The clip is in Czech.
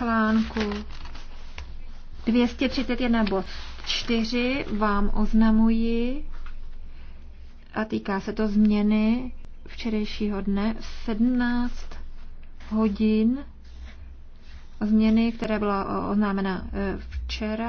článku 231 bod 4 vám oznamuji a týká se to změny včerejšího dne v 17 hodin změny, která byla oznámena e, včera.